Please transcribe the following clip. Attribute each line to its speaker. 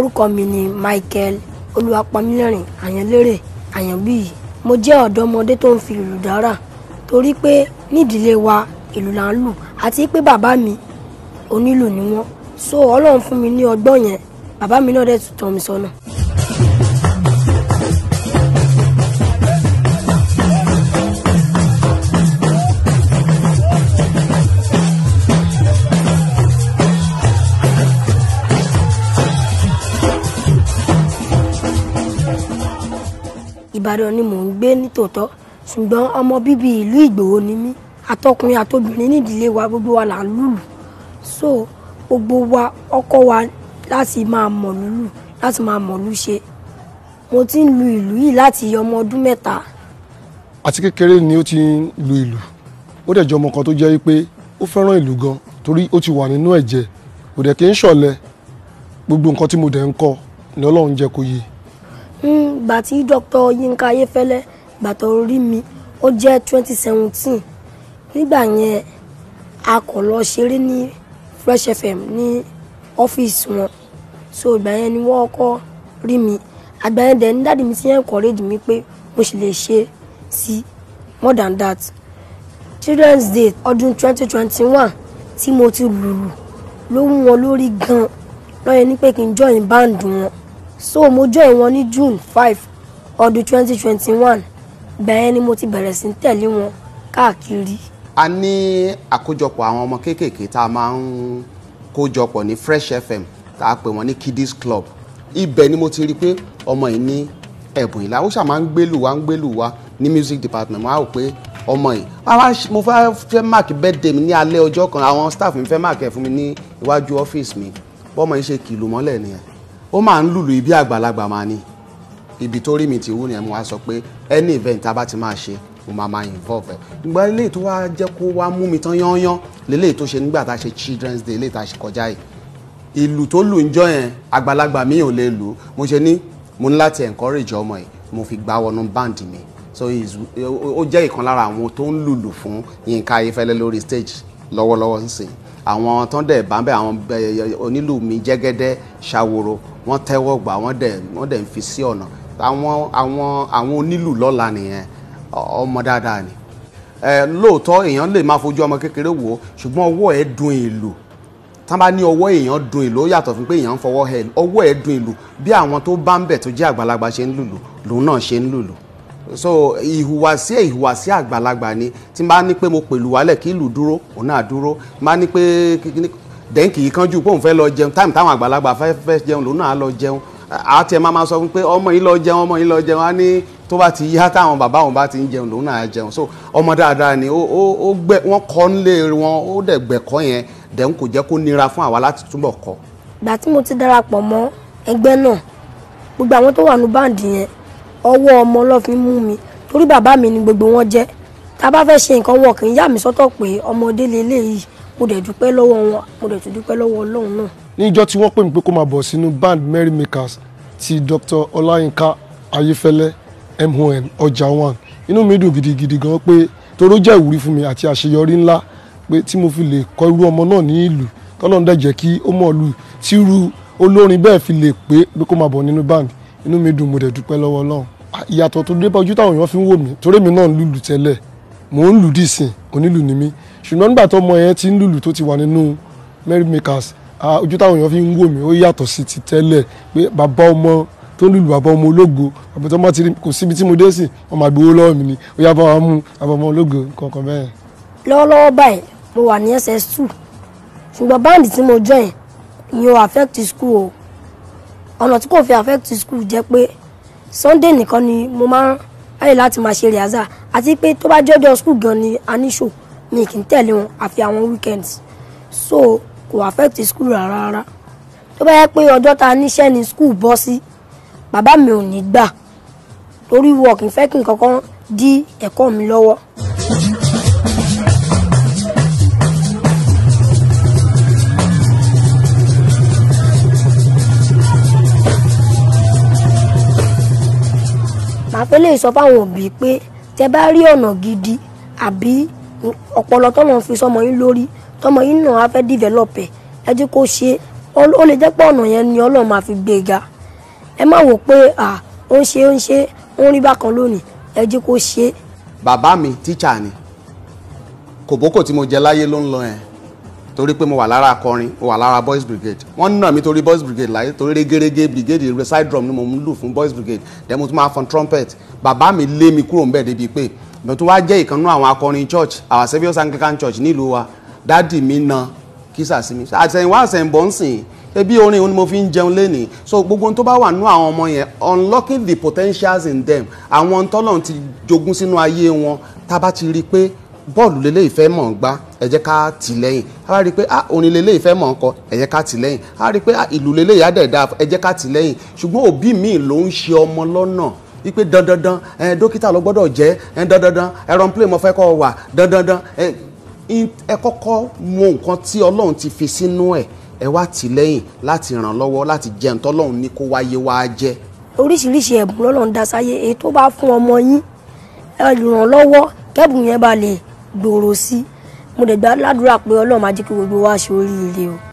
Speaker 1: orúkọ mi ni Michael Olúwapamílẹ́rìn àyànlérè àyànbíyì mo jẹ́ ọ̀dọ́mọdé tó ń fi ìlù dárà torí pé nídìílé wa ìlù là ń lù àti pé bàbá mi onílù ni wọ́n so ọlọ́run fún mi ní ọgbọ́n yẹn bàbá mi náà dẹ̀ tún tọ́ mi sọ́nà. Ìbàdàn ni mò ń gbé nítòótọ́ ṣùgbọ́n ọmọ bíbí ìlú Ìgbòho ni mí àtọkùnrin àtobìnrin nídìílé wa gbogbo wa là ń lùlù so gbogbo wa ọkọ wa láti máa mọ̀ lùlù láti máa mọ̀ lù ṣe mo ti ń lu ìlú yìí láti ọmọ ọdún mẹ́ta.
Speaker 2: àti kékeré ni ó ti ń lu ìlú ó dẹ̀ jọ ọmọ kan tó jẹ́ pé ó fẹ́ràn ìlú gan torí ó ti wà nínú ẹ̀jẹ̀ kò dẹ̀ kí ń ṣọ̀lẹ gbogbo nǹkan tí mo dẹ̀ ń kọ ni Ọlọ́run jẹ́ kó yé
Speaker 1: Hmm, gbà tí dr yinka ayéfẹ́lẹ́ gbàtọ̀ orí mi ó jẹ́ twenty seventeen nígbà yẹn a kò lọ ṣeré ní fresh fm ní ọ́fíìsì wọn so ìgbà yẹn ni wọ́n kọ́ rí mi àgbà yẹn dẹ̀ ní dáàdi mi ti yẹn encourage mi pé mo sì lè ṣe sí more than that children's day ọdún twenty twenty one tí mo ti lùlù ló wù wọn lórí gan-an lọ́yẹ̀ ní pé kí n join band wọn so mo join wọn ní June five ọdún twenty twenty one bẹ́ẹ̀ ni mo ti bẹ̀rẹ̀ sí tẹ̀lé wọn káàkiri.
Speaker 3: a ní àkójọpọ̀ àwọn ọmọ kéékèèké tá a máa ń kójọpọ̀ ní Fresh FM tá a pè wọ́n ní Kiddies Club ibẹ̀ ni mo ti rí i pé ọmọ yìí ní ẹ̀bùn ìlà ó ṣà máa ń gbélù wá ń gbélù wá ní music department máa rò pé ọmọ yìí mo fẹ́ fẹ́ mark birthday mi ní alẹ́ ọjọ́ kan àwọn staff mi fẹ́ mark ẹ̀ fún mi ní iwájú ọ́fíìsì mi bọ́mọ yìí ṣe kìlù mọ́lẹ̀ nìyẹn ó máa ń lùlù ibi àgbàlagbà máa ní ibi tó rí mi ti wú ni ẹ̀ mo wá sọ pé any event tá a bá ti máa ṣe mo máa máa involve ẹ̀ ìgbà ilé tó wá jẹ́ kó wá mú mi tán yányán lélẹ̀ tó ṣe nígbà tá a ṣe children's day lélẹ̀ tá a ṣe kọjá yìí ìlù tó lù ń jọ yẹn àgbàlagbà mi ò lè lù ú mo ṣe ní mo ní láti encourage ọmọ yìí mo fi gbá wọnú band mi so ó jẹ́ ìkan lára àwọn tó ń lùlù fún Yínká Ayéfẹ́lẹ́ lórí stage lọ́wọ́lọ́wọ́ ń sìn àwọn tó ń dẹ̀ bá ń bẹ̀ àwọn onílù mi Jẹ́gẹ́dẹ́ Ṣàwòrò wọ́n tẹ́wọ́ gbà wọ́n dẹ̀ wọ́n dẹ̀ ń fi sí ọ̀nà àwọn àwọn àwọn onílù lọ́la nìyẹn ọmọ dáadáa ni ẹ lóòótọ́ èèyàn lè máa fojú ọmọ kékeré wò ó ṣùgbọ́n ọwọ́ ẹ̀ dùn ìlù tán bá ní ọwọ́ èèyàn dùn ìlù ó yàtọ̀ fún pé èèyàn ń fọwọ́ ẹ̀ ọwọ́ ẹ̀ dùn ìlù bí àwọn tó bá ń bẹ̀ tó jẹ́ àgbàlagbà ṣe ń lùlù lòun náà ṣe ń lùlù so ìhùwàsí ìhùwàsí àgbàlagbà ni tí n bá ní pé mo pèlú wálẹ̀ kí ìlù dúró òun náà dúró bá ní pé dẹ́n kì í kánjú pé òun fẹ́ lọ jẹun táìmù táwọn àgbàlagbà fẹ́ fẹ́ jẹun lòun náà lọ jẹun àti ẹ̀ máa ma sọ fún pé ọmọ yìí lọ jẹun ọmọ yìí lọ jẹun á ní tó bá ti yá táwọn bàbá òun bá ti ń jẹun lòun náà jẹun so ọmọ dáadáa ni ó gbẹ wọn kọ́ nílé wọn ó dẹ̀ gbẹ̀kọ́ yẹn dẹ̀hún kò jẹ́ kó nira fún àwa láti túbọ̀ kọ́.
Speaker 1: ìgbà tí mo ti darapọ̀ mọ́ ẹgbẹ́ náà gbogbo àwọn tó wà ní báǹdì yẹn ọwọ́ ọmọ ọlọ́fin mú mi torí bàbá mi ni gbogbo wọn jẹ́ tá a bá fẹ́ ṣe nǹkan wọ̀ kì í yà mí sọ́tọ̀ pé ọmọdé lélẹ́yìí mo dẹ̀ dúpẹ́ lọ́wọ́ wọn mo dẹ̀ tún dúpẹ́ lọ́wọ́ ọlọ́run náà.
Speaker 2: níjọ́ tí wọ́n pè mí pé kó máa bọ̀ sínú band merry makers ti dr ọláyínká ayéfẹ́lẹ́ mon ọjà one inú mi dùn gidigidi gan pé toró jẹ́ ìwúrí fún mi àti àṣeyọrí ńlá pé tí mo fi lè kọ́ irú ọmọ náà ní ìlú tọ́lọ́run dẹ̀ jẹ́ kí ó mọ̀ lù tí irú olórin bẹ́ẹ̀ fi lè pé pé kó máa bọ̀ nínú band inú mi dùn mo dẹ̀ dúpẹ́ lọ́wọ́ ọlọ́run ìyàtọ̀ tó dé bá ojú táwọn èèyàn fi ń wò mí torí mi náà ń lùlù tẹ́lẹ̀ mò ń lù dìsìn onílù ni mí ṣùgbọ́n nígbà tó ọmọ yẹn ti ń lùlù tó ti wà nínú merry makers ojú táwọn èèyàn fi ń wò mí ó yàtọ̀ sí ti tẹ́lẹ̀ pé bàbá ọmọ tó ń lùlù bàbá ọmọ ológo bàbá tó ń ti rí kò síbi tí mo dé sí ọmọ àgbèwò lọ́wọ́ mi ni ó yá bá wa mú bàbá ọmọ ológo kankan bẹ́ẹ̀.
Speaker 1: lọ́wọ́lọ́wọ́ báyìí mo wà ní ss2 ṣùgbọ́n báńdì tí mo join ìyẹn ò affect school o ọ̀nà school jẹ́ pé sunday nìkan ni mo máa ń ráyè láti àti pé tó bá jọjọ school gan ni a ní ṣòkò mi kì í tẹ̀lé wọn àfi àwọn weekends so kò affect school rárá rárá tó bá yẹ pé ọjọ́ ta níṣẹ́ ni school bọ́ sí bàbá mi ò ní gbà torí work ìfẹ́ kí n kankan dí ẹ̀kọ́ mi lọ́wọ́. màá fẹ́ lè sọ fáwọn òbí pé tẹ bá rí ọ̀nà gidi àbí ọpọlọ tọ́lọ́run fi sọmọ yín lórí tọ́mọ yín náà á fẹ́ develop ẹ̀ ẹ jẹ́ kó ṣe ó lè jẹ́ pé ọ̀nà yẹn ni ọlọ́run máa fi gbé e ga ẹ má wò pé à ó ń ṣe ó ń ṣe ó ń rí bákan lónìí ẹ jẹ́ kó ṣe.
Speaker 3: bàbá mi tíṣà ni kòbókò tí mo jẹ láyé ló ń lọ yẹn torí pé mo wà lára akọrin mo wà lára boys brigade wọ́n nà mí torí boys brigade láyé torí régérégé brigade side drum ni mo ń lù fún boys brigade then mo tún máa fọn trumpet bàbá mi lé mi kúrò ń bẹ̀ débi pé bẹ́ẹ̀ tó wá jẹ́ ìkànnú àwọn akọrin church our saviour's anglican church nílùú wa dáàdì mi na kísà sí mi àtẹ̀yìnwá àtẹ̀yìnbọ̀ ń sìn ebi orin òun ni mo fi ń jẹun lénìí so gbogbo tó bá wà nú àwọn ọmọ yẹn unlocking the potentials in them àwọn tọ́lọ̀ ti jogún sínú ayé wọn tá a bá ti rí i pé bọ́ọ̀lù lélẹ́ ìfẹ́ mọ̀ ń gbá ẹ ká tì lẹ́yìn a bá rí i pé ah orin lélẹ́ ìfẹ́ mọ̀ ń kọ ẹ jẹ́ ká tì lẹ́yìn a rí i pé ah ìlú lélẹ́ ìyá dẹ̀ dáa ẹ jẹ́ ká tì lẹ́yìn ṣùgbọ́n òbí mi ló ń ṣe ọmọ lọ́nà ipe dandandan ẹ dókítà ló gbọ́dọ̀ jẹ́ ẹ dandandan ẹran plane mo fẹ́ kọ́ wà dandandan ẹ kọ́kọ́ mọ nǹkan tí ọlọ́run ti fi sínú ẹ̀ ẹ wá tì lẹ́yìn láti ràn lọ́wọ́ láti jẹun tọ́lọ́run ní kó wáyé wá jẹ́.
Speaker 1: oríṣiríṣi ẹ̀bùn lọ́lọ́run dá sáyé èyí tó bá fún ọmọ yín ẹ ràn lọ́wọ́ kẹ́bùn yẹn bá lè gbòòrò sí i mo dẹ̀ gbà ládùúrà pé ọlọ́run máa jẹ́ kí gbogbo wa ṣe oríire o.